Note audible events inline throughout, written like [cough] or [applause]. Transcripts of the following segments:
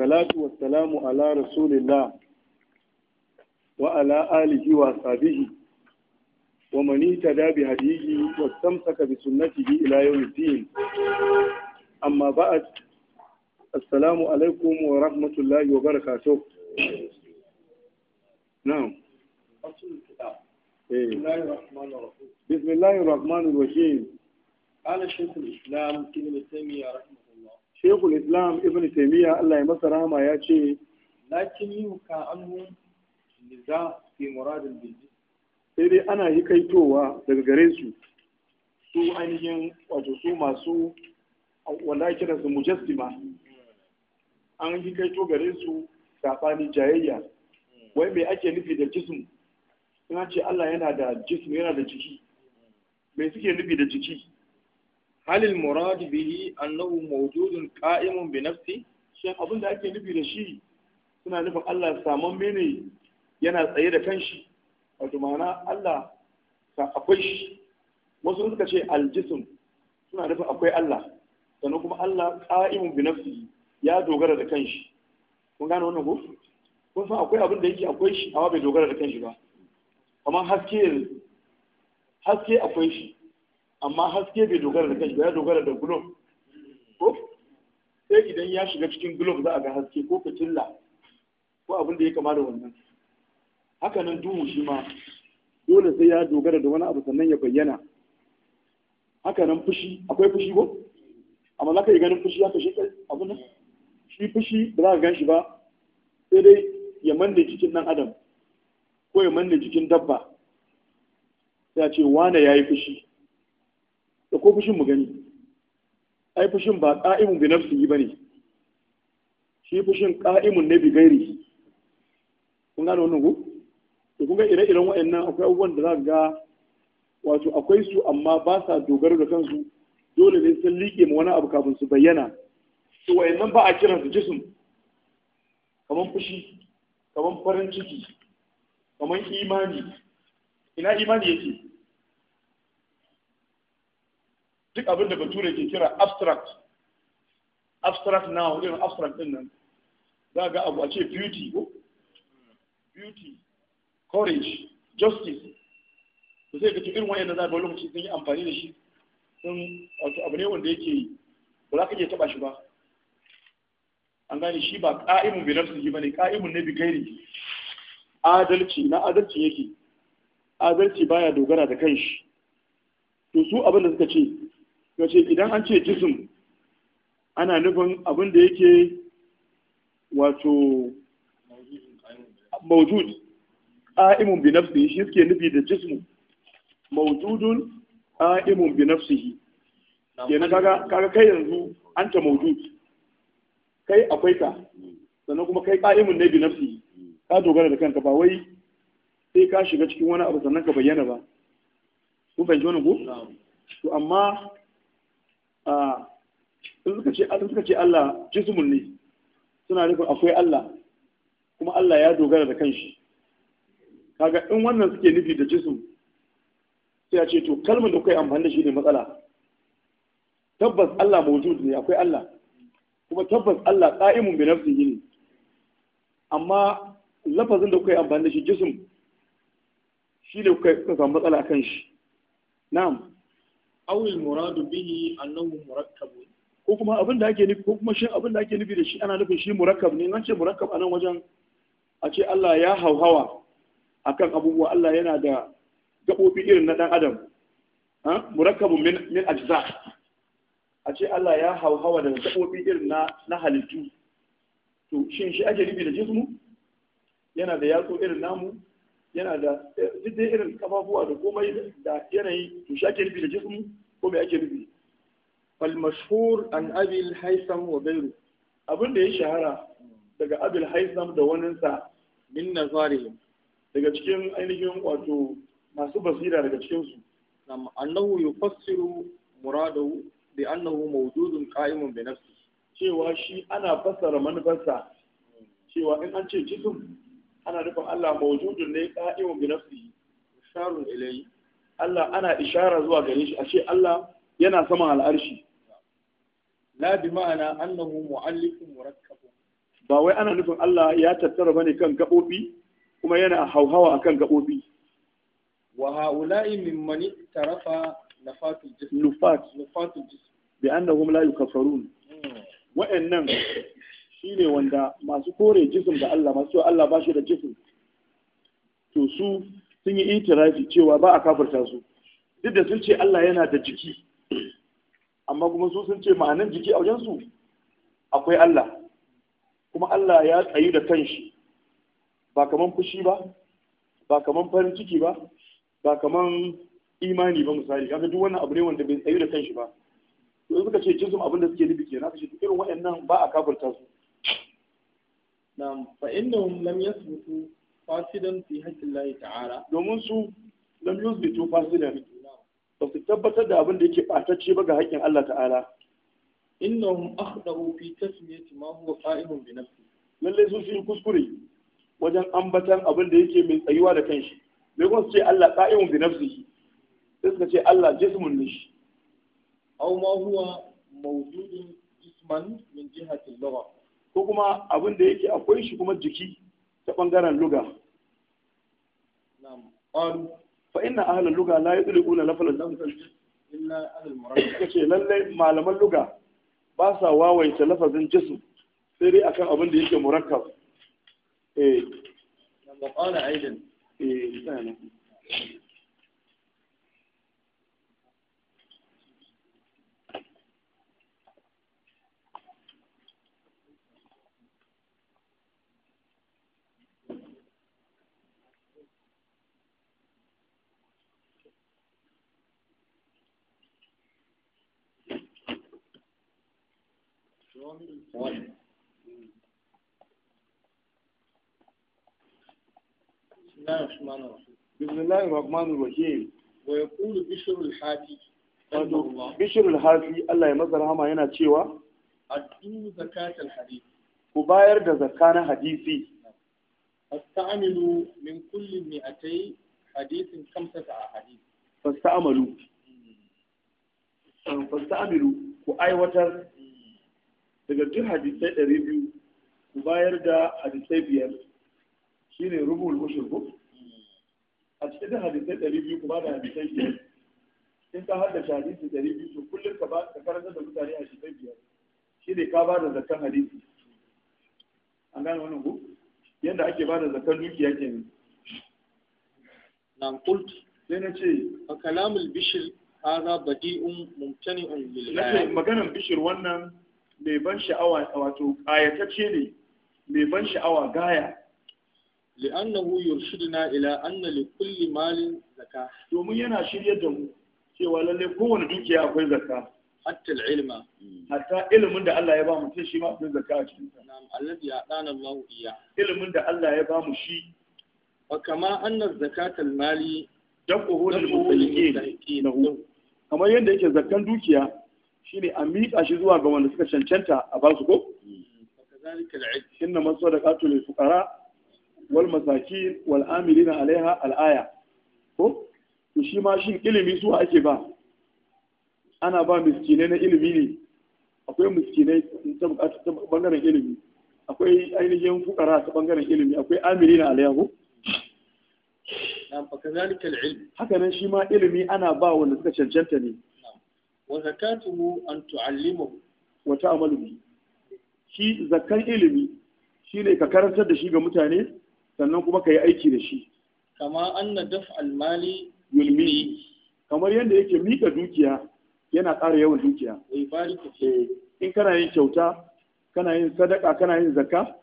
salatu wa salamu ala rasulillah wa ala alihi wa sahbihi wa mani ittaba bi hadihi wa istamsaka bi sunnatihi ila yawmiddin amma ba'd assalamu alaikum wa rahmatullahi wa barakatuh na'am بسم الله الرحمن الرحيم قال شيخ الإسلام ابن تيمية رحمه shekul islam ibn taimiyya allah ya masa rama ya ce lakin yi ka annu niza fi muradin bilji sai dai ana yi kaitowa daga gare su su ainihin wato su masu wanda da su mujassima an yi kaito gare su saɓani jayayya wai me ake nufi da jism suna ce allah yana da jism yana da jiki me suke nufi da jiki hal al murad bihi annahu mawjudun qa'imun bi nafsi shin abin da ake nufi da shi suna nufin Allah saman mene yana tsaye da kanshi wato ma'ana Allah ka akwai shi wasu suka ce aljism suna nufin akwai Allah sannan kuma Allah qa'imun bi nafsi ya dogara da kanshi kun gane wannan ko kun san akwai abin da yake akwai shi amma bai dogara da kanshi ba kamar haske haske akwai shi amma haske bai dogara da kanshi ba ya dogara da gulob ko sai idan ya shiga cikin gulob za a ga haske ko fitilla ko abin da ya kama da wannan haka nan duhu shi ma dole sai ya dogara da wani abu sannan ya bayyana haka nan fushi akwai fushi ko amma za ka yi ganin fushi haka shi abu nan shi fushi ba za ka gan shi ba sai dai ya manne cikin nan adam ko ya manne cikin dabba sai a ce wane ya yi fushi da ko fushin mu gani ai fushin ba ka'imun bi yi bane shi fushin ka'imun ne bi gairi kun gane wannan ku? to kun ga ire-iren wa'annan akwai abubuwan da za ga wato akwai su amma ba sa dogaro da kansu dole ne sun liƙe ma wani abu kafin su bayyana to wayannan ba a kiransu jism kamar fushi kaman farin ciki kaman imani ina imani yake duk abin da bature ke kira abstract abstract na irin abstract din nan za ga abu a ce beauty ko beauty courage justice to sai ka ci irin wayannan za ga lokaci sun yi amfani da shi sun wato abu ne wanda yake ba za ka iya taba shi ba an gane shi ba ka'imun bi nafsihi bane ka'imun ne bi gairi adalci na adalci yake adalci baya dogara da kanshi to su abin da suka ce to ce idan an ce jism ana nufin abin da yake wato maujud ƙa'imun bi shi suke nufi da jismu maujudun ƙa'imun bi nafsihi kenan kaga kaga kai yanzu ta maujud kai akwai ka sannan kuma kai ƙa’imun ne bi ka dogara da kanka ba wai sai ka shiga cikin wani abu sannan ka bayyana ba kun fahimci wani ku to amma in suka ce Allah jismun ne suna nufin akwai Allah kuma Allah ya dogara da kanshi kaga in wannan suke nufi da jism sai ya ce to kalmar da kuka yi amfani da shi ne matsala tabbas Allah mawjud ne akwai Allah kuma tabbas Allah qa'imun bi nafsihi ne amma lafazin da kuka yi amfani da shi jism shi ne kuka samu matsala kan shi na'am awil muradu bihi annahu murakkab ko kuma abin da ake nufi ko kuma shin abin da ake nufi da shi ana nufin shi murakkab ne an ce murakkab anan wajen a ce Allah ya hauhawa akan abubuwa Allah yana da gabobi irin na dan adam ha murakkabun min min ajza a ce Allah ya hauhawa da gabobi irin na na halittu to shin shi ake nufi da jismu yana da yatsu irin namu yana da eh, duk dai irin kafafuwa da komai da yanayi to shi ake nufi da ko me ake nufi fal mashhur an abil haisam wa gairu abin da ya shahara daga abil haisam da sa min nazarihim daga cikin ainihin wato masu basira daga cikin su nam annahu yufassiru muradahu bi annahu mawjudun qa'imun bi nafsihi cewa shi ana fassara manufarsa cewa in an ce jism ana nufin Allah mawjudun ne qa'imun bi nafsihi isharun ilayhi Allah ana ishara zuwa gare shi a ce. Allah yana saman al'arshi la bi ma'ana annahu mu'allifun murakkabun ba wai ana nufin Allah ya tattara bane kan gaɓoɓi kuma yana hauhawa a akan gabobi wa ha'ula'i mani tarafa nafatul jism nufat nafatul jism bi annahum la yukaffarun hmm. wa'annan Shi ne wanda masu kore jisim da Allah masu cewa Allah ba shi da jisim to su sun yi itirafi cewa ba a kafirta su duk da sun ce Allah yana da jiki amma kuma su sun ce ma'anin jiki a wajensu akwai Allah kuma Allah ya tsayu da kanshi ba kaman fushi ba ba kaman farin ciki ba ba kaman imani ba misali kaga duk wannan abu ne wanda bai tsayu da kanshi ba to suka ce jism abin da suke nufi kenan kace irin waɗannan ba a kafirta su Na'am fa innahum lam yasbutu fasidan fi haƙƙillahi ta'ala. Domin su lam yasbutu fasidan ba su tabbatar da abin da yake ɓatacce ba ga haƙƙin Allah ta'ala. Innahum akhda'u fi tasmiyati ma huwa qa'imun bi nafsi. Lallai su sun kuskure wajen ambatan abin da yake mai tsayuwa da kanshi. Bai kuma ce Allah qa'imun bi nafsihi. Sai suka ce Allah jismun ne shi. Aw ma huwa mawjudun isman min jihati lugha. ko kuma abin da yake akwai shi kuma jiki ta bangaren luga fa inna ahlul luga la yudliquna lafzan illa ahlul Da kace lallai malaman luga ba sa wawaita lafazin jisun sai dai akan abin da yake murakkab eh Ibnolayi wa Maɓman Rahim. Wai Allah ya maza rahama yana cewa. Addu zaka ta hadisi. Ku bayar da zakkai na hadisi. Basta Amadu mun kullum ni akai hadisin kamfasa a hadisi. Basta Amadu hmm. ku aiwatar daga duk hadisai ɗari biyu ku bayar da hadisai biyar shine rubul mushriku a cikin duk hadisai ɗari biyu ku ba da hadisai biyar in ka haddace hadisi ɗari biyu to kullum ka karanta da mutane a shekai biyar Shi ne ka ba da zakan hadisi an gane wannan ku yadda ake ba da zakan dukiya ke nan qult sai na ce fa kalamul bishr hadha badi'un mumtani'un lil magana bishir wannan mai ban sha'awa wato ayatacce ne mai ban sha'awa gaya li'annahu yurshiduna ila anna li kulli malin zakka domin yana shirye da mu cewa lalle kowane dukiya akwai zakka hatta ilma hatta ilimin da Allah ya ba sai shi ma akwai zakka a cikin sa na'am alladhi ya'dana Allah iya ilimin da Allah ya ba mu shi wa kama anna zakata al-mali dafuhu lil mutalliqin kamar yadda yake zakkan dukiya shine a miƙa shi zuwa ga wanda suka cancanta a ba su ko inna masadaqatu lil fukara, wal masaki, wal na alaiha al'aya ko to shi ma shin ilimi su ake ba ana ba miskinai na ilimi ne akwai miskinai ta bangaren ilimi akwai ainihin fukara ta bangaren ilimi akwai amiri na ko haka nan shi ma ilimi ana ba wanda suka cancanta ne wa zakatuhu an tu'allimahu wa ta'malu bi shi zakkan ilimi shine ka karantar da shi ga mutane sannan kuma ka yi aiki da shi kama anna daf'al mali yulmi kamar yadda yake mika dukiya yana ƙara yawan dukiya ce? Eh, in kana yin kyauta kana yin sadaka kana yin zakka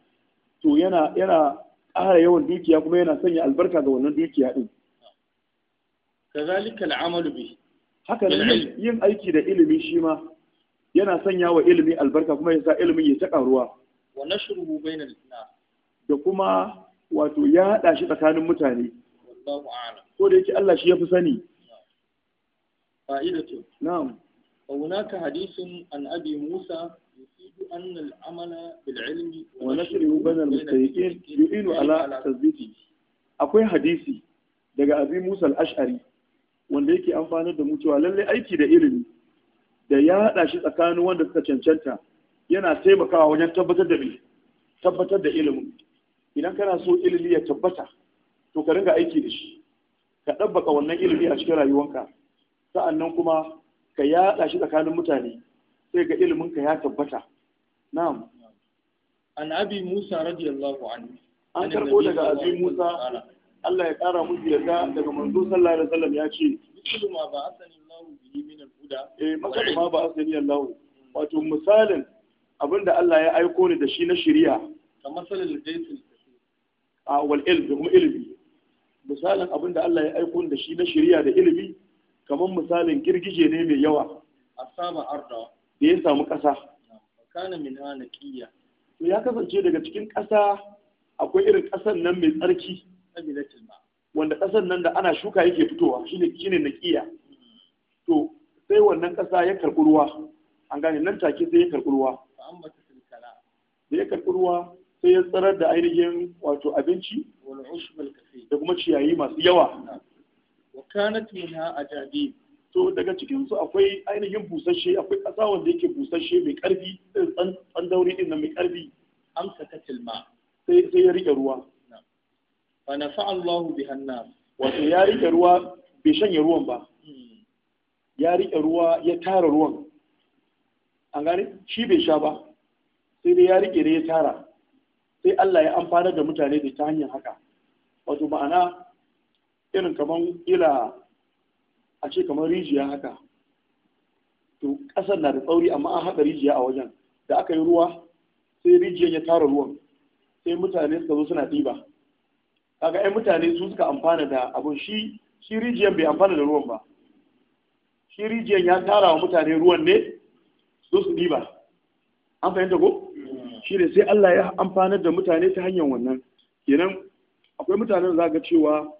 to yana yana ƙara yawan dukiya kuma yana sanya albarka ga wannan dukiya din kazalika al'amalu bi haka yin aiki da ilimi shi ma yana sanya wa ilimi albarka kuma ya sa ilimin ya ta karuwa wa nashruhu bainal nas da kuma wato ya haɗa shi tsakanin mutane ko da yake Allah shi ya fi sani fa'idatu na'am wa hunaka hadisin an abi Musa yufidu anna al-amala bil ilmi wa nashruhu bainal mustayqin yu'inu ala tazbiti akwai hadisi daga abi Musa al-Ash'ari wanda yake amfani da mutuwa, lallai lalle aiki da ilimi da ya haɗa shi tsakanin wanda suka cancanta yana taimakawa wajen tabbatar da me tabbatar da ilimin idan kana so ilimi ya tabbata to ka ringa aiki da shi ka ɗabbaka wannan ilimi a cikin rayuwanka sa'annan kuma ka yaɗa shi tsakanin mutane sai ga ilimin ka ya tabbata na'am an abi musa radiyallahu anhu an karbo daga abi musa Allah ya ƙara musu yarda daga manzo sallallahu alaihi wasallam ya ce kullu ma ba asani Allahu bihi min al-huda eh maka ma ba asani Allahu wato misalin abinda Allah ya aiko ni da shi na shari'a kamar salil jaisul a wal ilmi kuma ilmi misalin abinda Allah ya aiko ni da shi na shari'a da ilmi kamar misalin girgije ne mai yawa asaba arda da ya samu ƙasa kana min anaqiya to ya kasance daga cikin ƙasa akwai irin kasan nan mai tsarki wanda ƙasar nan da ana shuka yake fitowa shine shine naqiya to sai wannan ƙasa ya karɓi ruwa an gane nan take sai ya karɓi ruwa da ya karɓi ruwa sai ya tsarar da ainihin wato abinci da kuma ciyayi masu yawa wakanat a ajadi to daga cikin su akwai ainihin busasshe akwai ƙasa wanda yake busasshe mai ƙarfi tsan tsandauri din nan mai ƙarfi an katil ma sai ya rike ruwa fa nafa'a Allahu bi hannas wato ya rike ruwa bai shanye ruwan ba ya rike ruwa ya tara ruwan an gane shi bai sha ba sai dai ya rike da ya tara sai Allah ya amfana da mutane da ta hanyar haka wato ma'ana irin kaman ila a ce kamar rijiya haka to ƙasar na da tsauri amma an haɗa rijiya a wajen da aka yi ruwa sai rijiyar ya tara ruwan sai mutane suka zo suna ɗiba kaga ai mutane su suka amfana da abun shi shi rijiyan bai amfana da ruwan ba shi rijiyan ya tara wa mutane ruwan ne su su diba an fahimta ko shi ne sai Allah ya amfana da mutane ta hanyar wannan kenan akwai mutanen za ga cewa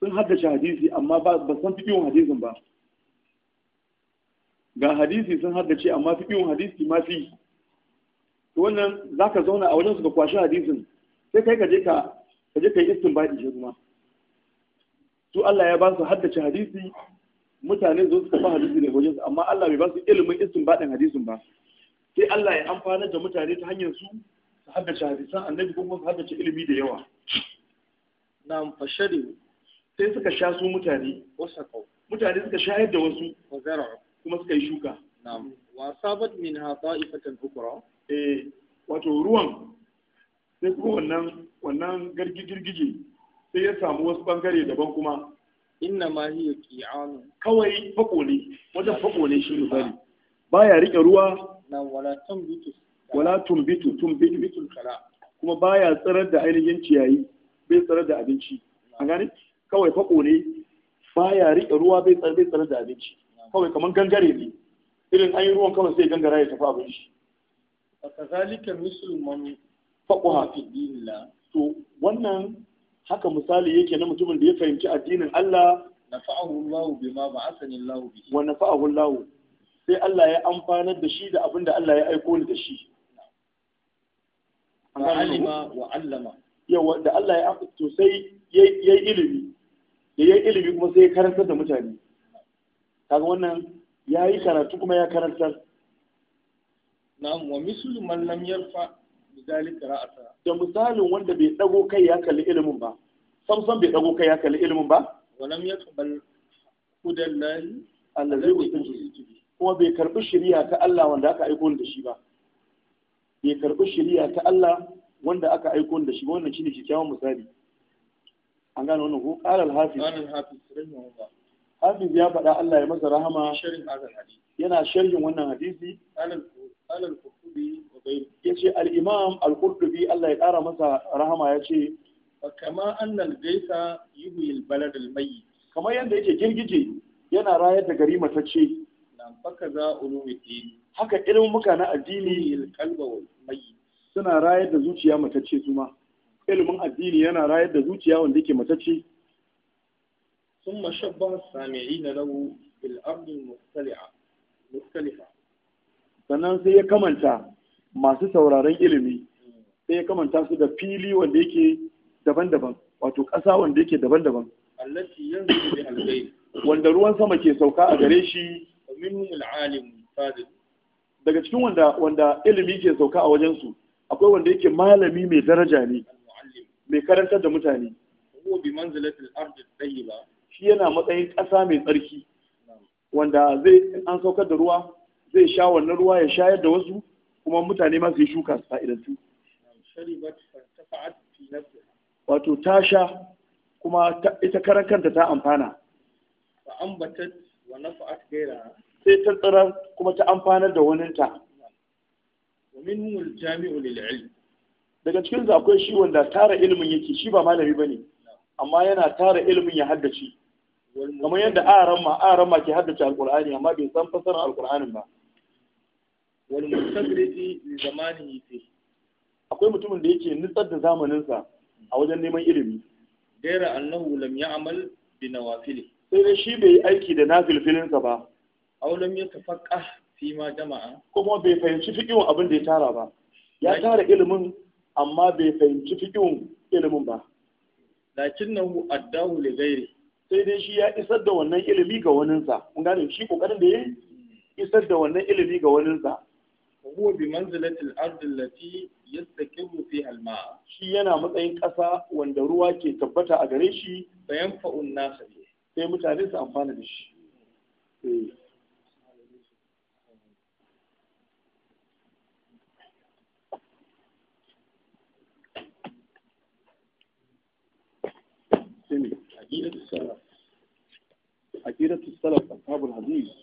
sun haddace hadisi amma ba san fi yin hadisin ba ga hadisi sun haddace amma fi yin hadisi ma fi wannan za ka zauna a wajen su ka kwashi hadisin sai kai ka je ka ka je kai istinbadi je kuma su Allah ya ba su haddace hadisi mutane zo su tafi hadisi daga wajen su amma Allah bai ba su ilimin istinbadin hadisin ba sai Allah ya amfana da mutane ta hanyar su su haddace hadisan annabi kuma su haddace ilimi da yawa Na fashari sai suka sha su mutane wasaqau mutane suka shayar da wasu kuma suka yi shuka na'am wa sabat min ha ta'ifatan ukra eh wato ruwan sai kuma wannan wannan girgije sai ya samu wasu bangare daban kuma inna ma hiya qi'anu kawai fako wajen wajen shi ne shi Ba baya rike ruwa na wala tumbitu wala tumbitu tumbitu kala kuma baya tsarar da ainihin ciyayi bai tsarar da abinci an gane kawai fako ba baya rike ruwa bai tsarar bai da abinci kawai kaman gangare ne irin an yi ruwan kawai sai gangara ya tafi abinci. kazalika mislu man faqaha fi dinillah to wannan haka misali yake na mutumin da ya fahimci addinin Allah nafa'ahu Allah bima ba'athani wa nafa'ahu Allah sai Allah ya amfanar da shi da abin da Allah ya aiko ni da shi wa allama yawa da Allah ya to sai yayi ilimi da yayi ilimi kuma sai ya karantar da mutane kaga wannan yayi karatu kuma ya karantar na'am wa mislu man lam yarfa misalin da misalin wanda bai dago kai ya kalli ilimin ba samson bai dago kai ya kalli ilimin ba walam kabal hudallahi allazi usitu kuma bai karbi shari'a ta Allah wanda aka aiko da shi ba bai karbi shari'a ta Allah wanda aka aiko da shi ba wannan shine kyakkyawan misali an gane wannan ko qala al-hafiz hafi ya faɗa Allah ya masa rahama yana sharhin wannan hadisi ya ce al'imam al-qurtubi Allah ya ƙara masa rahama ya ce kama annal gaisa yuhyil balad al-mayyit kamar yadda yake girgije yana rayar da gari matacce nan faka za ulumuddin haka ilimin muka na addini al-qalba wal mayyit suna rayar da zuciya matacce kuma ilimin addini yana rayar da zuciya wanda yake matacce ثم شبه السامعين له بالأرض المختلعة مختلفة sannan sai ya kamanta masu sauraron ilimi sai ya kamanta su da fili wanda yake daban-daban wato ƙasa wanda yake daban-daban wanda ruwan sama ke sauka a gare shi daga cikin wanda wanda ilimi ke sauka a wajensu, akwai wanda yake malami mai daraja ne mai karantar da mutane shi yana matsayin ƙasa mai tsarki wanda zai an saukar da ruwa zai sha wannan ruwa ya shayar da wasu kuma mutane ma su yi shuka su wato ta sha kuma ita karan kanta ta amfana sai ta kuma ta amfanar da waninta daga cikin su akwai shi wanda tara ilimin yake shi ba malami ba ne amma yana tara ilimin ya haddace kamar yadda aran ma aran ma ke haddace alkur'ani amma bai san fasara alkur'anin ba wal mustagridi li zamanihi fi akwai mutumin da yake nutsar da zamaninsa a wajen neman ilimi gaira annahu lam ya'mal bi nawafili sai dai shi bai aiki da nafilfilinsa ba aw lam yatafaqqah fi ma jama'a kuma bai fahimci fiqhin abin da ya tara ba ya tara ilimin amma bai fahimci fiqhin ilimin ba lakinnahu addahu li ghairi sai dai shi ya isar da wannan ilimi ga waninsa kun gane shi kokarin da yayi isar da wannan ilimi ga waninsa huwa bi manzilatil ardi allati yastakiru fiha al-ma shi yana matsayin ƙasa wanda ruwa ke tabbata a gare shi bayan fa'un nasa sai mutane su amfana da shi عقيدة eh.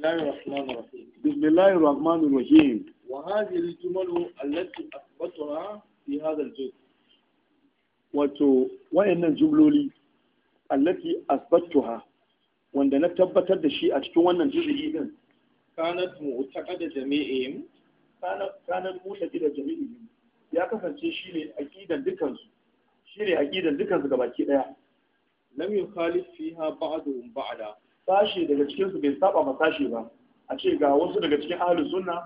بسم الله الرحمن الرحيم وهذه الجمل التي أثبتها في هذا الجزء wato wayannan jumloli allati asbattuha wanda na tabbatar da shi a cikin wannan juz'i din kanat mu'taqada jami'in kanat kanat mu'taqada jami'in ya kasance shine aqidan dukan su shine aqidan dukan su gabaki daya lam yukhalif fiha ba'dun ba'da Sashe daga cikin su bai saba ma sashe ba a ce ga wasu daga cikin ahlus sunna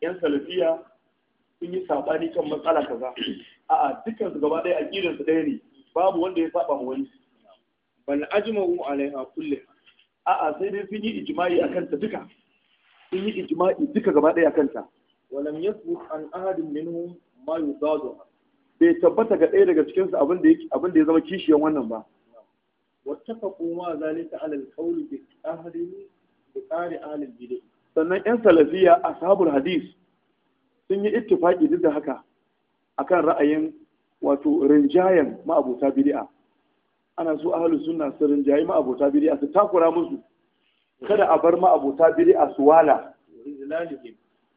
yan salafiya sun yi sabani kan matsala kaza a'a dukkan su gaba ɗaya aqidar su ɗaya ne babu wanda ya saba ma wani bal ajma'u alaiha kullu a'a sai dai sun yi ijma'i akan ta duka sun yi ijma'i duka gaba ɗaya akan ta walam yasbut an ahadin minhum ma yuzadu bai tabbata ga ɗaya daga cikin su abin da ya zama kishiyan wannan ba wattafaqu ma zalika ala al-qawl bi qahri bi qari ahli bid'ah sannan yan salafiya a sabul hadis sun yi ittifaqi duk da haka akan ra'ayin wato rinjayen ma'abota bid'a ana so ahlus sunna su rinjayi ma'abota bid'a su takura musu kada a bar ma'abota bid'a su wala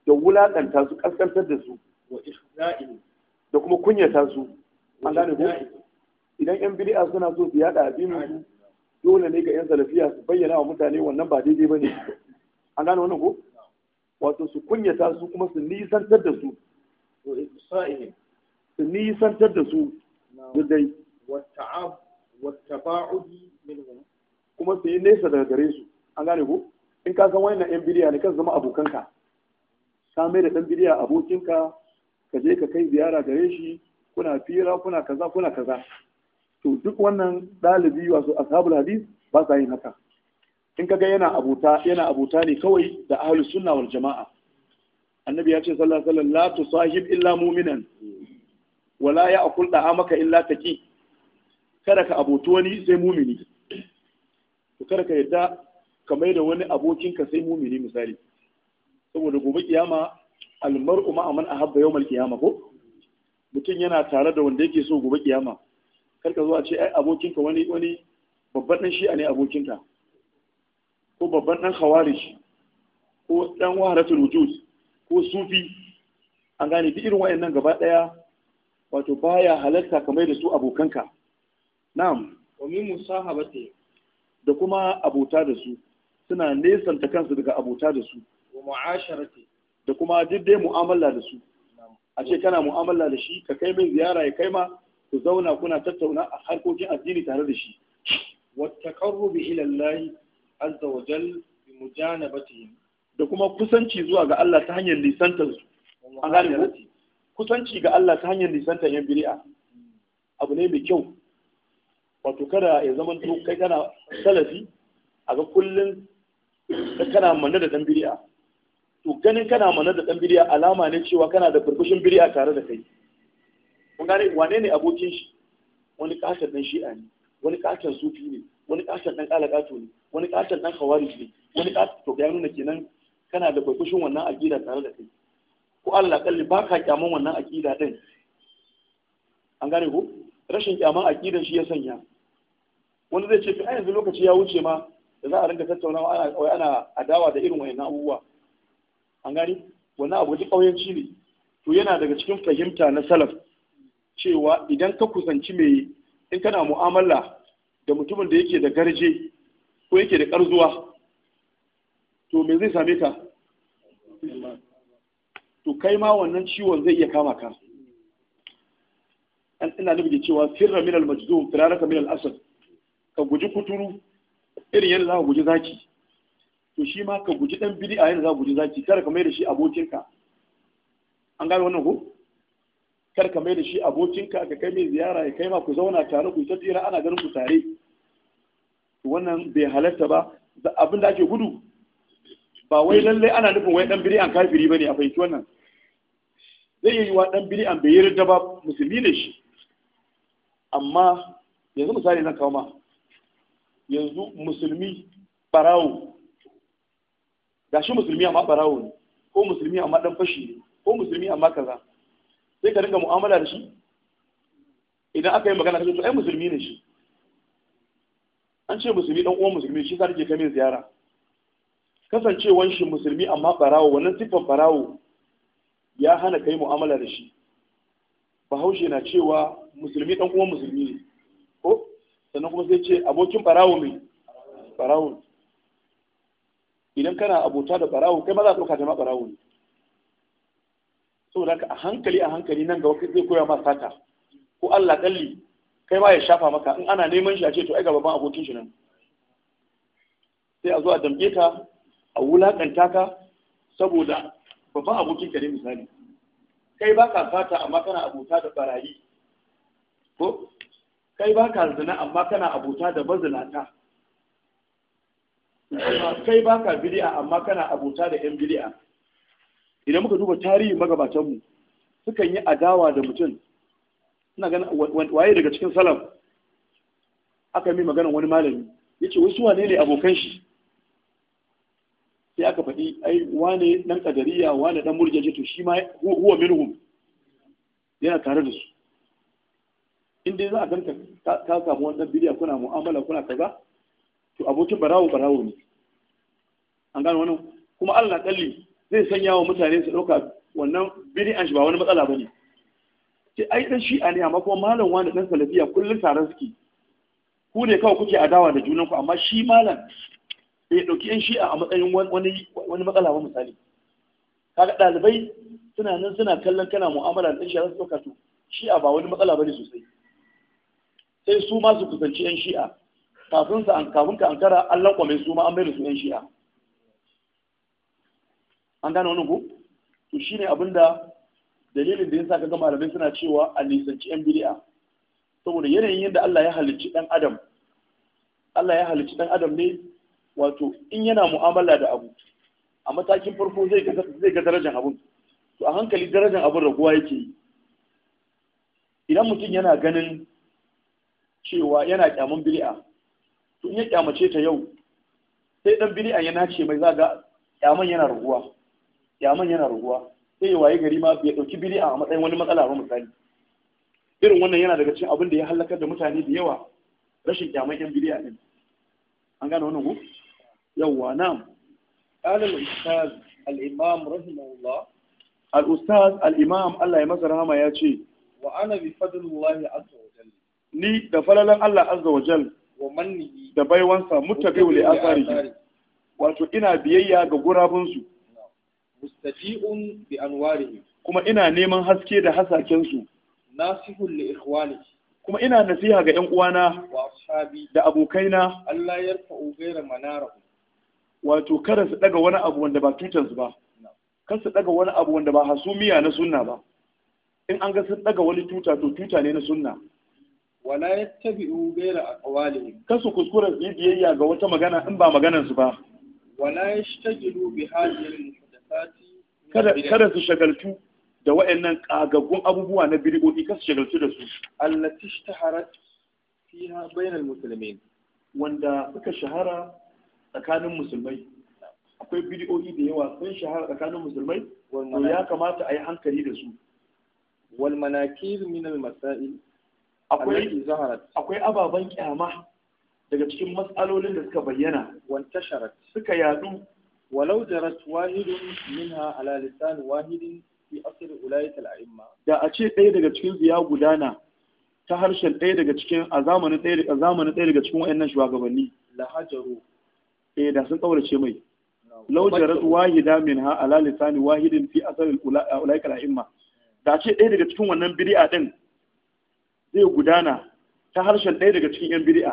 da wulaƙanta su ƙasƙantar da su da kuma kunyata su an gane idan yan bid'a suna so su yada addinin dole ne ga yan salafiya su bayyana wa mutane wannan ba daidai bane an gane wannan ko wato su kunyata su kuma su nisantar da su su nisantar da su da dai wata'ab wattaba'udi minhum kuma su yi nesa daga gare su an gane ko in ka san wannan yan bidiya ne kan zama abokanka ka mai da dan bidiya abokinka ka je ka kai ziyara gare shi kuna fira kuna kaza kuna kaza to duk wannan dalibi wasu ashabul hadis ba sa yin haka in kaga yana abuta yana abota ne kawai da ahlus sunna wal jama'a annabi ya ce sallallahu alaihi wasallam la illa mu'minan wala ya'kul maka illa taqi kada ka aboto wani sai mumini to kada ka yadda ka mai da wani abokinka sai mumini misali saboda gobe kiyama almar'u ma'aman ahabba yawmal kiyama ko mutum yana tare da wanda yake so gobe kiyama karka zuwa ce ai abokinka wani wani babban dan shi'a ne abokinka ko babban dan khawarij ko dan waharatul wujud ko sufi an gane duk irin wayannan gaba daya wato baya halarta kamar da su abokanka na'am wa min musahabati da kuma abota da su suna nesanta kansu daga abota da su wa mu'asharati da kuma duk dai mu'amala da su a ce kana mu'amala da shi ka kai mai ziyara ya kai ma ku zauna kuna tattauna a harkokin addini tare da shi والتقرب إلى الله عز وجل بمجانبتهم da kuma kusanci zuwa ga Allah ta hanyar lisantar su kusanci ga Allah ta hanyar lisantar yan bid'a abu ne mai kyau wato kada ya zama to kai kana salafi a ga kullun kana manne da dan bid'a to ganin kana manne da dan bid'a alama ne cewa kana da burbushin bid'a tare da kai kun gane wane ne abokin shi wani katon dan shi'a ne wani katon sufi ne wani katon dan kalakato ne wani katon dan khawarij ne wani katon to ya nuna kenan kana da bakushin wannan aƙida tare da kai ko Allah kalli ba ka kyaman wannan aƙida din an gane ko rashin kyaman aqidan shi ya sanya wani zai ce to a yanzu lokaci ya wuce ma da za a rinka tattaunawa ana ana adawa da irin wayannan abubuwa an gane wannan abu ji kauyanci ne to yana daga cikin fahimta na salaf cewa idan ka kusanci mai in kana mu'amala da mutumin da yake da garje ko yake da ƙarzuwa to me zai same ka to kai ma wannan ciwon zai iya kama ka an ina nufi cewa firra minal majzum firaraka minal asad ka guji kuturu irin yadda za ka guji zaki to shi ma ka guji dan bid'a yadda za ka guji zaki kada ka mai da shi abokinka an gane wannan ko kar ka mai da shi abokinka ka kai mai ziyara ya kai ma ku zauna tare ku ta tsira ana ganin ku tare wannan bai halarta ba abin da ake gudu ba wai lalle ana nufin wai dan biri'an kafiri bane a fahimci wannan zai yi wa dan biri'an bai yi ba musulmi ne shi amma yanzu misali zan kawo ma yanzu musulmi barawo shi musulmi amma barawo ne ko musulmi amma dan fashi ne ko musulmi amma kaza sai ka dinga mu'amala da shi idan aka yi magana ce to ai musulmi ne shi an ce musulmi dan uwan musulmi shi sa nake kai mai ziyara kasancewan shi musulmi amma barawo wannan siffan barawo ya hana kai mu'amala da shi bahaushe na cewa musulmi dan uwan musulmi ne ko sannan kuma sai ce abokin barawo ne barawo idan kana abota da barawo kai ma za ka ɗauka jama'a barawo ne saboda haka a hankali a hankali nan gaba zai koya ma sata ko Allah dalli kai ma ya shafa maka in ana neman shi a ce to ai babban abokin shi nan sai a zo a damƙe ka a wulakanta ka saboda babban abokin ka ne misali kai ba ka fata amma kana abota da barayi ko kai ba ka zina amma kana abota da mazinata kai ba ka bidi'a amma kana abota da yan bidi'a idan muka duba tarihin magabatanmu sukan yi adawa da mutum ina gana waye daga cikin salam? aka mi magana wani malami ya ce wasu wane ne abokan shi sai aka faɗi ai wane ɗan ƙadariya wane ɗan murjaje to shi ma huwa minhum yana tare da su in dai za a ganka ka samu wani ɗan bidiya kuna mu'amala kuna kaza to abokin barawo barawo ne an gano wannan kuma Allah ɗalli zai sanya wa mutane su ɗauka wannan bid'an shi ba wani matsala ba ne ce ai dan shi'a ne amma kuma malam wani dan salafiya kullum taron suke ku ne kawai kuke adawa da junanku amma shi malam bai ɗauki yan shi'a a matsayin wani matsala ba misali kaga ɗalibai suna nan suna kallon kana mu'amala da shi'a su ɗauka to shi'a ba wani matsala ba ne sosai sai su ma su kusanci yan shi'a kafin ka ankara Allah kwame su ma an bai da su yan shi'a an gane wani ku? to ne abinda dalilin da ya yasa kaga malamai suna cewa a nisanci yan bid'a saboda yanayin yadda Allah ya halicci dan adam Allah ya halicci dan adam ne wato in yana mu'amala da abu a matakin farko zai ga zai ga darajar abun to a hankali darajar abun raguwa yake yi idan mutum yana ganin cewa yana kyamun bid'a to in ya kyamace ta yau sai dan bid'a ya nace mai zaga kyaman yana raguwa kyaman yana raguwa sai ya waye gari ma ya ɗauki bid'a a matsayin wani matsala ba misali irin wannan yana daga cikin abin da ya halakar da mutane da yawa rashin kyaman yan bid'a din an gane wannan ku yawwa na'am قال الأستاذ الإمام رحمه الله الأستاذ الإمام الله يمسر هما ياتي وأنا بفضل الله عز وجل ني دفلل الله عز وجل ومنه دبيوانسا متبع لأثاره wato ina biyayya ga gurabunsu mustaji'un bi anwarihi kuma ina neman haske da hasaken su nasihul li ikhwani kuma ina nasiha ga 'yan uwana wa ashabi da abokaina Allah ya yarfa gaira manara. wato kada su daga wani abu wanda ba tutan su ba kada su daga wani abu wanda ba hasumiya na sunna ba in an ga sun daga wani tuta to tuta ne na sunna wala yattabi'u ghayra aqwalihim kasu kuskuran su biyayya ga wata magana in ba maganar su ba wala yashtajilu bi hadhihi kada su shagaltu da wa'annan kagaggun abubuwa na bid'o'i kasu shagaltu da su allati ishtaharat fiha bainal muslimin wanda suka shahara tsakanin musulmai akwai bid'o'i da yawa sun shahara tsakanin musulmai to ya kamata a yi hankali da su wal manakir min al masail akwai akwai ababan kyama daga cikin matsalolin da suka bayyana wanta sharat suka yadu ولو جرت واحد منها على لسان wahidin fi asr ulayat al دا da a ce ɗaya daga cikin ya gudana ta harshen ɗaya daga cikin a zamanin ɗaya daga cikin wayannan shugabanni la eh da sun kaurace mai law jarat wahida minha ala lisan wahidin fi asr ulayat دا aimma da ce ɗaya daga cikin wannan bid'a din zai gudana ta harshen ɗaya daga cikin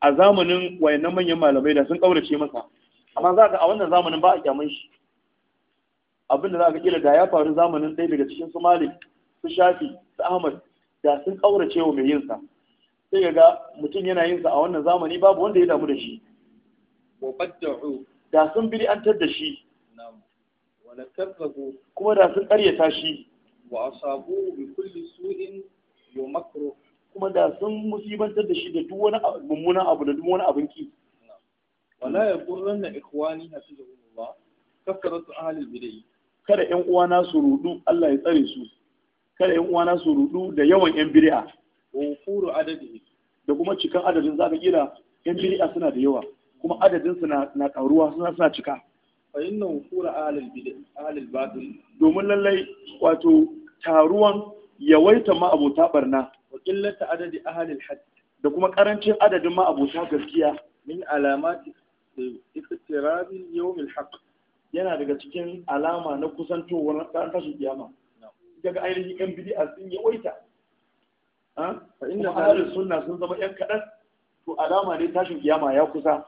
a zamanin wayannan manyan malamai da sun kaurace masa amma za ga a wannan zamanin ba a kyamun shi abin da za ka kila da ya faru zamanin ɗaya daga cikin su malik su shafi su ahmad da sun ƙaurace wa mai yinsa sai ga mutum yana yinsa a wannan zamani babu wanda ya damu da shi da sun biri an da shi kuma da sun ƙaryata shi wa asabu bi kulli su'in yumakru kuma da sun musibantar da shi da duk wani mummunan abu da duk wani abin ki wala ya gurran na ikhwani hafizahumullah kasaratu ahlil bid'ah kada ƴan uwa na su rudu Allah ya tsare su kada ƴan uwa na su rudu da yawan ƴan bid'a wa furu adadin. da kuma cikan adadin za zaka kira ƴan bid'a suna da yawa kuma adadin su na na karuwa suna suna cika fa inna furu alal bid'ah ahlil batil domin lallai wato taruwan yawaita ma'abota barna wa qillata adadi ahlil hadd da kuma karancin adadin ma'abota gaskiya min alamati iqtirabin yawmil alhaq yana daga cikin alama na kusantowar ran tashin kiyama daga ainihin yan bid'a sun yi ha fa inna zalika sunna sun zama yan kadan to alama ne tashin kiyama ya kusa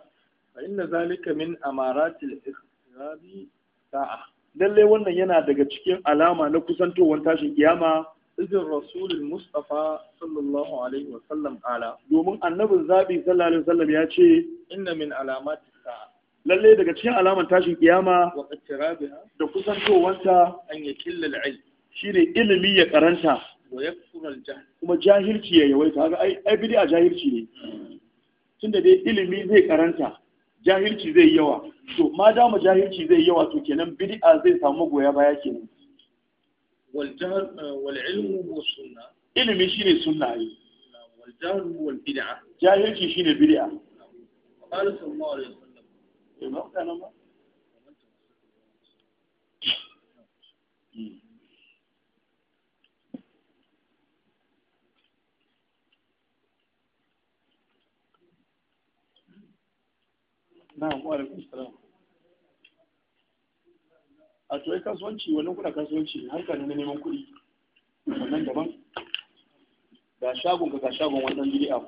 fa inna zalika min amaratil istirabi sa'a lalle wannan yana daga cikin alama na kusantowar tashin kiyama izin rasulul mustafa sallallahu alaihi wa sallam ala domin annabin zabi sallallahu alaihi wa sallam ya ce inna min alamati lalle daga cikin alaman tashin kiyama da kusantowanta an ya killa al shine ilimi ya karanta kuma jahilci ya yawaita haka ai a jahilci ne tunda dai ilimi zai karanta jahilci zai yawa to ma dama jahilci zai yawa to kenan a zai samu goya baya kenan wal ilmu sunna ilimi shine sunna ne wal jahl wal bid'a jahilci shine bid'a qala sallallahu alaihi Eh, na'am wa alaikum salam a to kasuwanci wani kuna kasuwanci hankali ne na neman kuɗi wannan daban ga shagon ka ga shagon wannan bid'a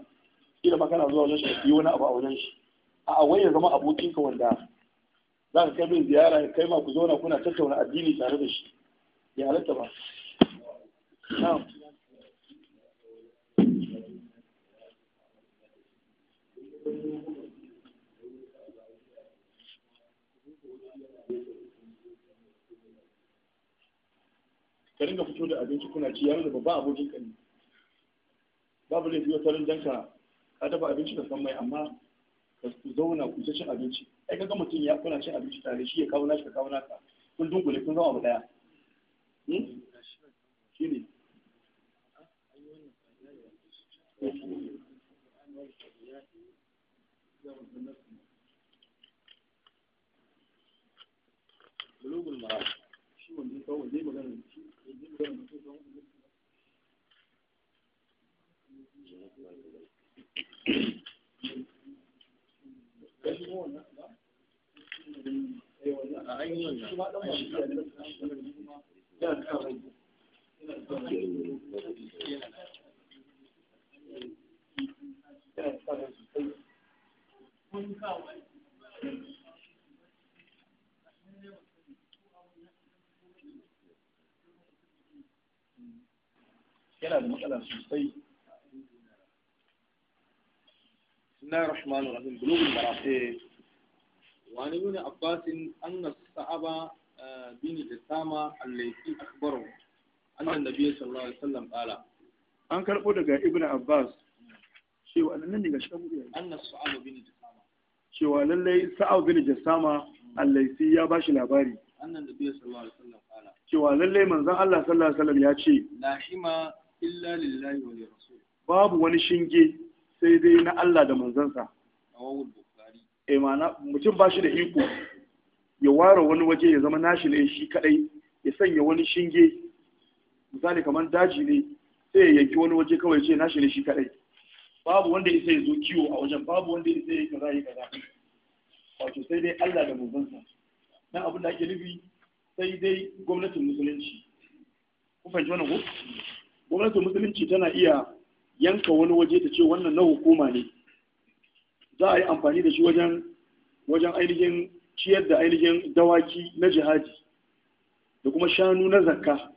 kila ba kana zuwa wajen shi wani abu a wajen shi a wai ya zama abokinka wanda za ka kai min ziyara ya kai ma ku zauna kuna tattauna addini tare da shi ya halatta ba ka ringa fito da abinci kuna ci yana da babban abokin ka ne babu laifi wata rin danka ka dafa abinci da san mai amma da su zauna ku ta cin abinci ai kaga mutum ya kuna cin abinci tare shi ya kawo nashi ka kawo naka kun dunkule, kun zama daya [coughs] [coughs] [coughs] yana da matsala sosai الله الرحمن الرحيم بلوغ المرام وعن ابن عباس أن الصحابة بن جسامة الذي أخبره أن النبي صلى الله عليه وسلم قال أن كربو دقا ابن عباس شيء وأنا نني قشكبو أن الصحابة بن جسامة شيء وأنا لي صحابة بن جسامة الذي يا باش الأباري أن النبي صلى الله عليه وسلم قال شيء وأنا لي من ذا الله صلى الله عليه وسلم يا شيء لا حما إلا لله ولرسوله babu wani shinge sai dai na Allah da manzansa eh mana mutum ba shi da iko ya ware wani waje ya zama nashi ne shi kadai ya sanya wani shinge misali kamar daji ne sai ya yanki wani waje kawai ce nashi ne shi kadai babu wanda ya ya zo kiwo a wajen babu wanda sai ya kaza ya kaza wato sai dai Allah da manzansa nan abin da ake nufi sai dai gwamnatin musulunci ku fahimci wannan ko gwamnatin musulunci tana iya yanka wani waje ta ce wannan na hukuma ne za a yi amfani da shi wajen ainihin ciyar da ainihin dawaki na jihadi da kuma shanu na zakka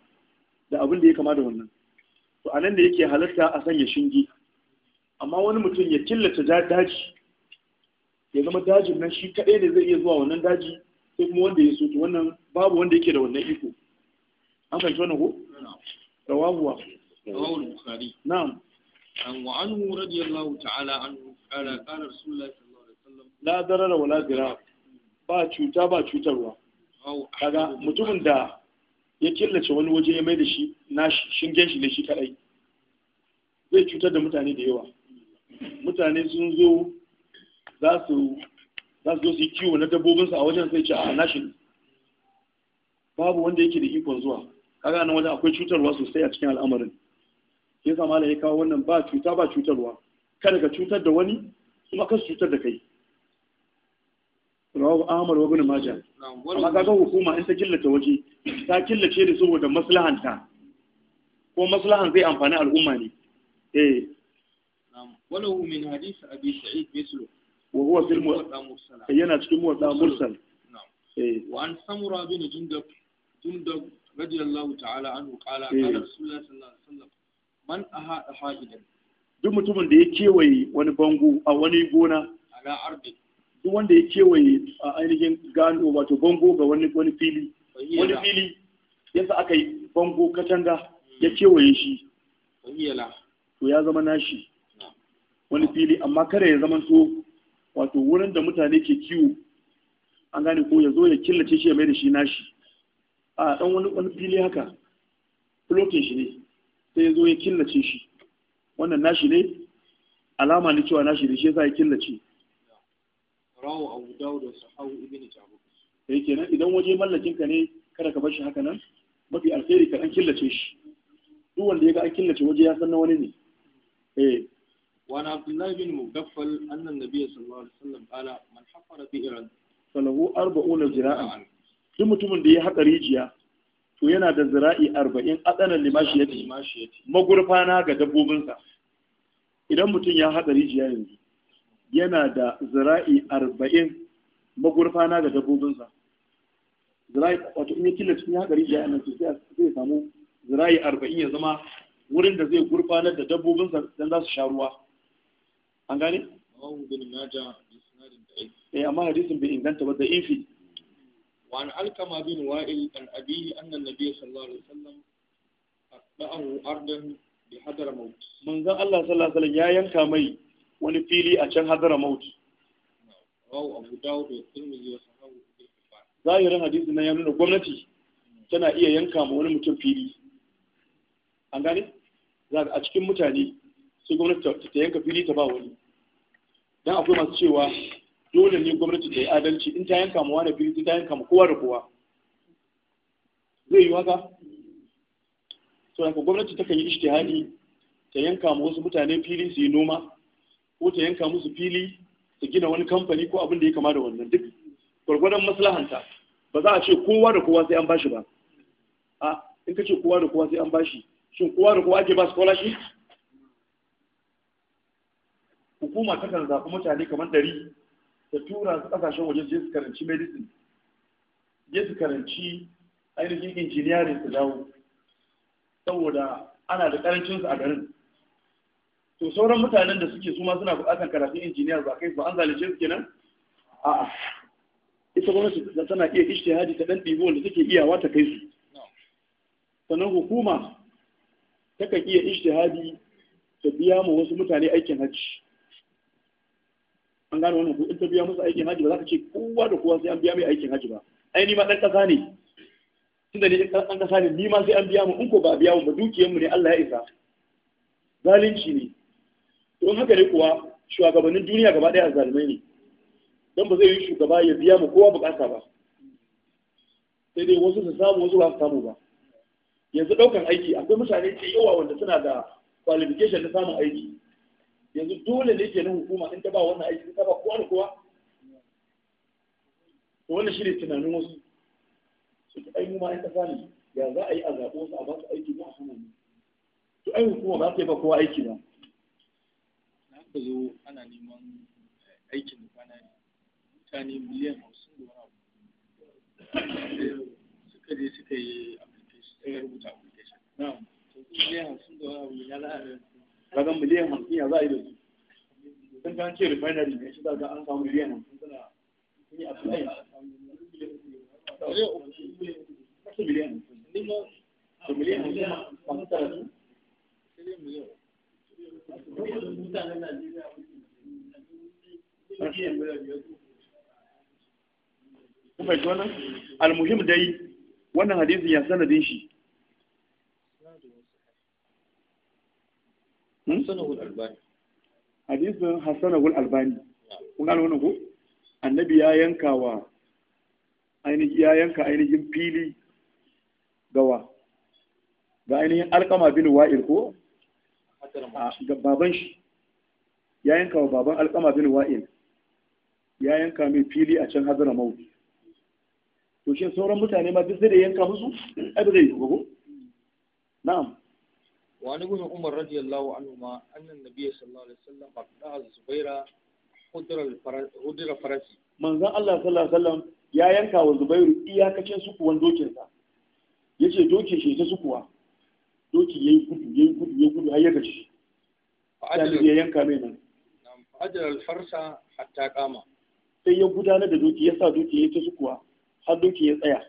da abin da ya kama da wannan to a nan da yake halatta a sanya shinge amma wani mutum ya killace daji ya zama dajin nan shi kaɗai ne zai iya zuwa wannan daji sai kuma wanda ya so to wannan babu wanda yake da wannan iko an fahimci wannan ko rawahuwa rawahuwa na'am an wa anhu radiyallahu ta'ala anhu qala qala rasulullahi sallallahu alaihi wasallam la darara wala dira ba cuta ba cutarwa kaga mutumin da ya killace wani waje ya mai da shi nashi shingen shi ne shi kadai zai cutar da mutane da yawa mutane sun zo za su za su zo su yi kiwo na dabbobinsu a wajen sai ce a nashin babu wanda yake da ikon zuwa kaga nan wajen akwai cutarwa sosai a cikin al'amarin shi yasa malam ya kawo wannan ba cuta ba cutarwa kada ka cutar da wani kuma ka cutar da kai rawu ahmad wa bin maja amma kaga hukuma in ta killace waje ta killace ne saboda maslahanta ko maslahan zai amfani al'umma ne eh walahu min hadith abi sa'id mislu wa huwa fil mursal eh, yana cikin muwatta mursal eh wa an samura bin jundab jundab radiyallahu ta'ala anhu qala eh. qala rasulullah sallallahu alaihi wasallam man aha da ha'idan duk mutumin da ya kewaye wani bango a wani gona ala ardi duk wanda ya kewaye a ainihin gano wato bango ga wani wani fili wani fili yasa aka yi bango katanga hmm. ya kewaye shi to ya zama nashi wani fili amma kada ya zama to wato wurin da mutane ke kiwo an gane ko ya zo ya killace shi ya mai da shi nashi a dan wani wani fili haka fulokin shi ne sai ya zo ya killace shi wannan nashi ne alama ne cewa nashi ne shi ya killace rawu abu dawud da sahabu ibn jabir sai eh, kenan idan waje mallakin ka ne kada ka bar shi haka nan mafi alkhairi ka dan killace shi duk wanda ya ga an killace waje ya san na wani ne eh wa na abdullah bin مغفل annan النبي sallallahu alaihi wasallam وسلم man hafara bi iran فله 40 ذراعا duk mutumin da ya haƙa rijiya to yana da zira'i arba'in atsanan limashiyati magurfana ga dabbobinsa idan mutum ya haɗa rijiya yanzu yana da zira'i arba'in magurfana ga dabbobinsa zira'i wato in ya killace ya haɗa rijiya yanzu zai samu zira'i arba'in ya zama wurin da zai gurfanar da dabbobinsa don za su sha ruwa an gane? Eh amma hadisin bai inganta ba da infi وعن علقمة بن وائل عن أبيه أن النبي صلى الله عليه وسلم أقطعه أرضا بحضر موت من ذا الله صلى الله عليه وسلم يا ينكا مي ونفيلي أشان حضر موت رواه أبو داود والترمذي وصححه zahirin hadisin nan ya nuna gwamnati tana iya yanka ma wani mutum fili an gane a cikin mutane sai gwamnati ta yanka fili ta ba wani don akwai masu cewa dole ne gwamnati ta yi adalci in ta yanka mawa da fili ta yanka ma kowa da kowa zai yi haka so haka gwamnati ta kan yi ishtihadi ta yanka ma wasu mutane fili su yi noma ko ta yanka musu fili su gina wani kamfani ko abin da ya kama da wannan duk gwargwadon maslahanta ba za a ce kowa da kowa sai an bashi ba a in ka ce kowa da kowa sai an bashi shin kowa da kowa ake ba kwalashi hukuma ta kan zaɓi mutane kamar ɗari ta tura su kasashen waje je su karanci medicine je su karanci ainihin engineering su dawo saboda ana da karancin a garin to sauran mutanen da suke suma suna bukatar karatun injiniyar ba kai ba an zalice su kenan a'a ita gwamnati da tana iya haji ta dan ɗibo da take iyawa ta kai su sannan hukuma takan iya ishtihadi ta biya ma wasu mutane aikin hajji an gane wannan ko in ta biya musu aikin haji ba za ka ce kowa da kowa sai an biya mai aikin haji ba ai ni ma dan kasa ne tunda ni dan kasa ne ni ma sai an biya mu in ko ba biya mu ba dukiyar mu ne Allah ya isa zalunci ne don haka ne kuwa shugabannin duniya gaba daya zalumai ne don ba zai yi shugaba ya biya mu kowa bukata ba sai dai wasu su samu wasu ba su samu ba yanzu ɗaukar aiki akwai mutane da yawa wanda suna da qualification na samun aiki yanzu dole ne kenan hukuma in ta ba wannan aiki ta ba kowa da kowa to wannan shine tunanin wasu su ta ai mu ma ita ya za a yi a zaɓi wasu a ba su aiki ba a hana ne to ai hukuma ba ta yi ba kowa aiki ba na haka zo ana neman eh, aikin da kwana mutane miliyan hamsin da wani abu suka je suka yi application suka rubuta application na to miliyan hamsin da wani abu ya za a kaga miliyan hamsin ya za a yi da su sun kan ce refinery ne shi za ga an samu miliyan hamsin suna sun yi apply kasu miliyan hamsin miliyan hamsin almuhim dai wannan hadisin ya sanadin shi hasanahul hmm? Hassan hadisin albani kun gano wannan ko annabi ya yanka wa ainihin ya yanka ainihin fili gawa ga ainihin alkama bin wa'il ko ah, ga baban shi ya yanka wa baban alkama bin wa'il ya yanka mai fili a can hazara mawuti to shi sauran mutane ma duk zai da yanka musu ai ba zai yi na'am Wani ابن Umar رضي الله عنهما a النبي صلى الله عليه وسلم أقطع الزبير هدر هدر فرسي من ذا الله صلى الله عليه وسلم يا ينكا iyakacin إياك كان سكوا yace doki shi ta sukuwa doki yayi gudu yayi gudu yayi gudu har ya gaci ya yanka mai nan fa'ajal al-farsa hatta qama sai ya gudanar da doki ya sa doki ya ta sukuwa har doki ya tsaya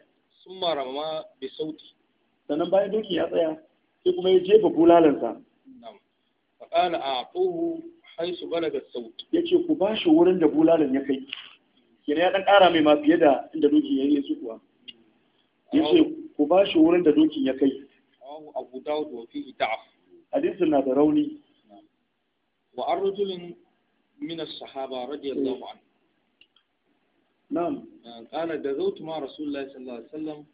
sun marama bi sauti sannan bayan doki ya tsaya sai kuma ya jefa bulalansa faƙala a tsohu haisu da sauti ya ce ku ba shi wurin da bulalan ya kai kina ya ɗan ƙara mai ma fiye da inda dokin ya yi su kuwa ya ce ku ba shi wurin da dokin ya kai abu dawud wa fihi da'af hadisin na da rauni wa an rajulin min sahaba radiyallahu anhu na'am qala da zautu ma rasulullahi sallallahu alaihi wasallam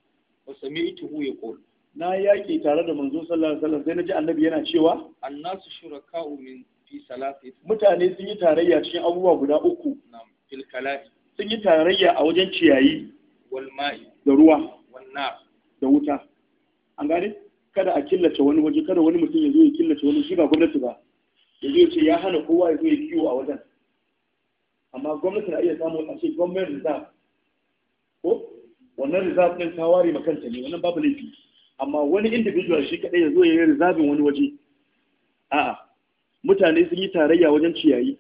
wa sami'tuhu yaqul na yaƙi tare da manzo sallallahu alaihi wasallam sai na ji annabi yana cewa annasu shuraka'u min fi salati mutane sun yi tarayya cikin abubuwa guda uku na'am fil kalai sun yi tarayya a wajen ciyayi wal ma'i da ruwa wal nar da wuta an gane kada a killace wani waje kada wani mutum ya zo ya killace wani shi ba gwamnati ba ya zo ce ya hana kowa ya zo ya kiwo a wajen amma gwamnati na iya samu a ce gwamnati reserve ko wannan reserve ɗin ta ware makanta ne wannan babu laifi amma wani individual shi kadai ya zo ya yi rizabin wani waje a'a mutane sun yi tarayya wajen ciyayi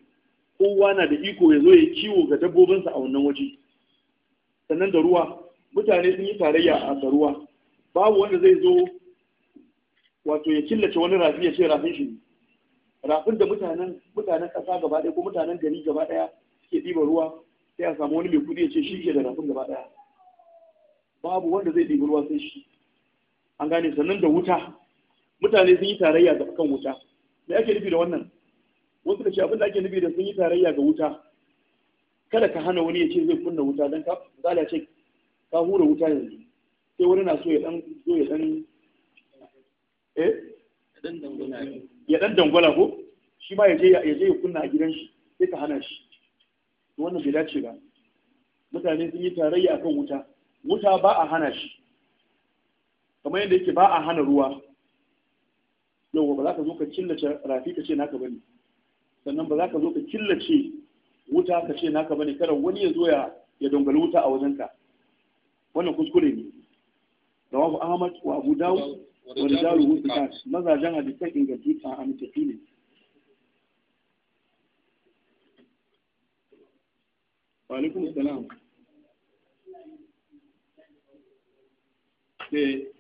kowa na da iko ya zo ya kiwo ga dabbobinsa a wannan waje sannan da ruwa mutane sun yi tarayya a da ruwa babu wanda zai zo wato ya killace wani rafi ya ce rafin shi rafin da mutanen mutanen ƙasa gaba ɗaya ko mutanen gari gaba ɗaya suke ɗiba ruwa sai a samu wani mai kuɗi ya ce shi ke da rafin gaba ɗaya babu wanda zai ɗiba ruwa sai shi an gane sannan da wuta mutane sun yi tarayya da kan wuta me ake nufi da wannan wasu da shi abin da ake nufi da sun yi tarayya ga wuta kada ka hana wani ya ce zai kunna wuta don ka zala ce ka hura wuta yanzu sai wani na so ya dan so ya dan eh ya dan dangwala ko shi ma ya je ya je ya kunna a gidan shi sai ka hana shi to wannan bai dace ba mutane sun yi tarayya akan wuta wuta ba a hana shi kamar yadda yake ba a hana ruwa yau ba za ka zo ka killace rafi ka ce naka bane sannan ba za ka zo ka killace wuta ka ce naka bane kada wani ya zo ya ya wuta a wajenka wannan kuskure ne rawahu ahmad wa abu dawud wa rijalu wusikat mazajen kan ingantu a amintaki ne wa alaikum salam eh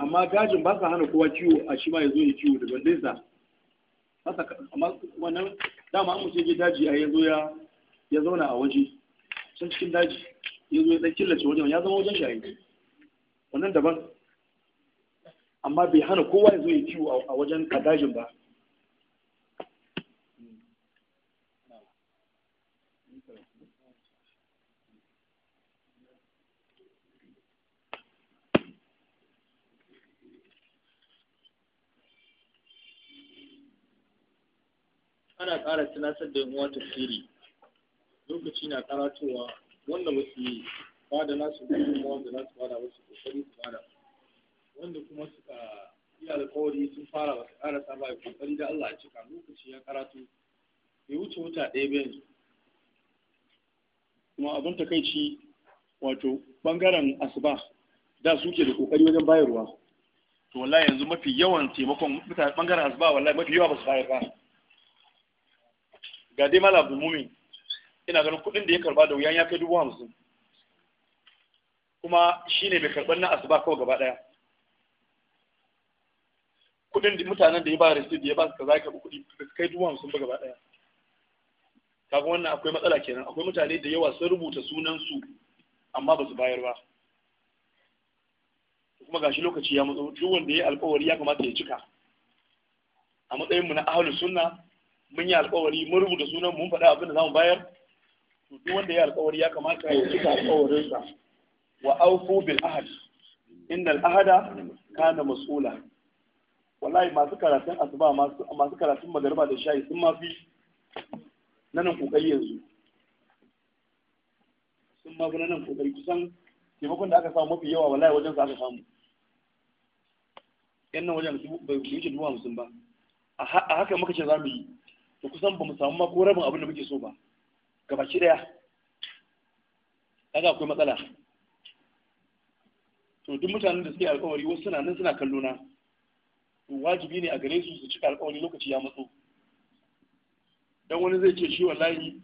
amma dajin ba sa hana kowa ciwo a shi ma ya zo ya ciwo da nesa amma wannan dama an mutum ya daji a yanzu ya ya zauna a waje can cikin daji ya zo ya dan killace wajen ya zama wajen shayi wannan daban amma bai hana kowa ya zo ya ciwo a wajen a dajin ba ana ƙara tunasar da uwa tafsiri lokaci na karatowa wanda ba su bada nasu gudunmuwa da za su bada wasu kokari su bada wanda kuma suka yi alkawari sun fara ba su karasa ba kokari da Allah a cika lokaci ya karatu bai wuce wuta ɗaya ba yanzu kuma abin takaici wato bangaren asuba da suke da kokari wajen bayarwa to wallahi yanzu mafi yawan taimakon bangaren asuba wallahi mafi yawa ba su bayar ba ga dai malam mumin, ina ganin kuɗin da ya karba da wuyan ya kai dubu hamsin kuma shi ne mai karɓar na asuba kawai gaba ɗaya kuɗin da mutanen da ya ba receipt ya ba su kaza ya karɓi kuɗi ba su kai dubu hamsin ba gaba ɗaya kaga wannan akwai matsala kenan akwai mutane da yawa sun rubuta sunan su amma ba su bayar ba kuma gashi lokaci ya matsa duk wanda ya alkawari ya kamata ya cika a matsayin mu na ahlus sunna mun yi alkawari mun rubuta sunan mun faɗa abin da zamu bayar to duk wanda ya alkawari ya kamata ya cika sa wa aufu bil ahad innal ahada kana mas'ula wallahi masu karatun asuba masu karatun magarba da shayi sun mafi nanan kokari yanzu sun mafi nanan kokari kusan taimakon da aka samu mafi yawa wallahi wajen sa aka samu yan nan wajen bai wuce dubu hamsin ba a haka muka ce za mu yi to kusan ba mu samu ma ko rabin abin da muke so ba gabaki daya kaga akwai matsala to duk mutanen da suke alƙawari wasu suna nan suna kallo na wajibi ne a gare su su cika alƙawari lokaci ya matso dan wani zai ce shi wallahi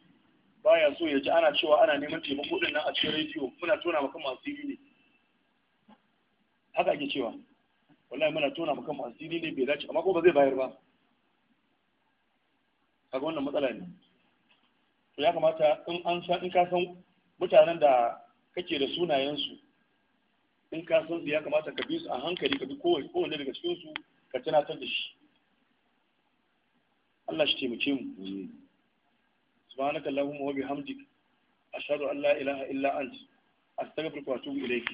baya so ya ji ana cewa ana neman taimako din nan a cikin rediyo muna tona maka asiri ne haka ake cewa wallahi muna tona maka asiri ne bai dace amma ko ba zai bayar ba kaga wannan matsala ne to ya kamata in an san in ka san mutanen da kake da sunayensu in ka san su ya kamata ka bi su a hankali ka bi kowanne daga cikin su ka tunatar da shi Allah shi taimake mu subhanaka allahumma wa bihamdik ashhadu an la ilaha illa ant astaghfiruka wa atubu ilayk